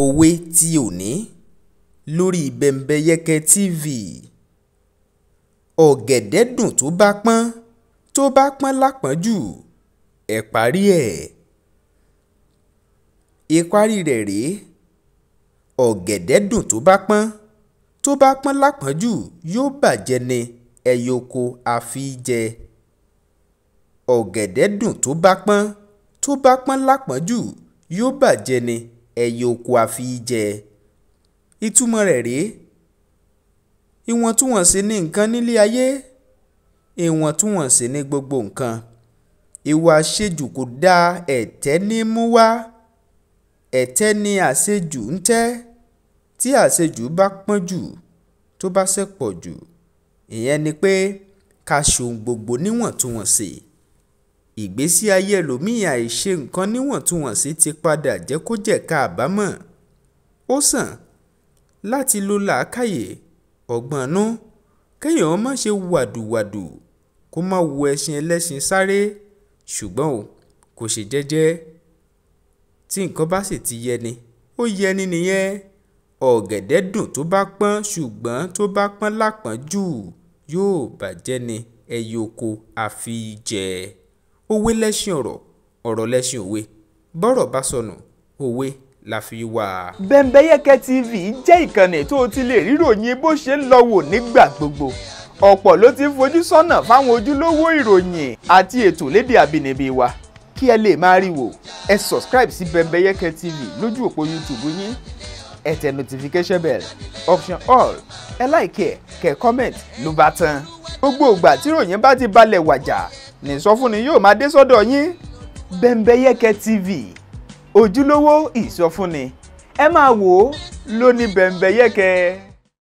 òwe tí òní lórí bẹ́ńbẹ́yẹ́kẹ́ tv ọ̀gẹ̀dẹ̀ dùn tó bá pọ́n tó bá pọ́n lápọ́njù ẹ̀ parí ẹ̀ ìparí rẹ̀ rèé ọ̀gẹ̀dẹ̀ dùn tó bá pọ́n tó bá pọ́n lápọ́njù yóò bàjẹ́ ni ẹyọkọ àfi jẹ ọ̀gẹ̀dẹ̀ dùn tó bá pọ́n tó bá pọ́n lápọ́njù yóò bàjẹ́ ni ẹyẹ oko àfi jẹ ìtumọ̀ rẹ̀ rèé ìwọ̀ntúnwọ̀nsì ni nǹkan nílé ayé ìwọ̀ntúnwọ̀nsì ni gbogbo nǹkan ìwà àṣejù kò dáa ẹ̀tẹ́ ní mú wá ẹ̀tẹ́ ni àṣejù ń tẹ́ tí àṣejù bá pọ́n jù tó bá ṣẹ̀pọ̀ jù ìyẹn ni pé ká ṣohun gbogbo níwọ̀ntúnwọ̀nsì ìgbésí ayé ẹlòmíì àìṣe nǹkan níwọ̀ntúnwọ̀nsì ti padà jẹ́ kó jẹ̀ka àbámọ̀ ó sàn láti lo làákàyè ọgbọ́nnú kéèyàn má ṣe wàdùwàdù kó má wo ẹṣin ẹlẹ́ṣin sáré ṣùgbọ́n o kò ṣe jẹ́jẹ́ tí nǹkan bá sì ti yẹni ó yẹni nìyẹn ọ̀gẹ̀dẹ̀ dùn tó bá pọ́n ṣùgbọ́n tó bá pọ́n lápọ́n jù yóò bàjẹ́ ni ẹyẹ oko àfi jẹ òwe lẹ́ṣin ọ̀rọ̀ ọ̀rọ̀ lẹ́ṣin òwe bọ́rọ̀ bá sọnù òwe la fi wà. Bẹ́mbẹ́yẹ́kẹ́ TV jẹ́ ìkànnì tó o ti lè rí ìròyìn bó ṣe ń lọ wò nígbà gbogbo ọ̀pọ̀ ló ti ń fojú sọ́nà fáwọn ojúlówó ìròyìn àti ètò lédè àbínibí wa kí ẹ lè máa rí wò ẹ subscribe sí Bẹ́mbẹ́yẹ́kẹ́ TV lójú òpó YouTube yín ẹ tẹ notification bell option all ẹ like ẹ kẹ́ comment ló bá tán gbogbo ìgbà tí ìròyìn bá ti balẹ̀ wàjà ní ìsọfúnni yóò máa dé sọ́dọ̀ yín Bembeyeke TV ojúlówó ìsọfúnni ẹ máa wò ó lóní Bembeyeke.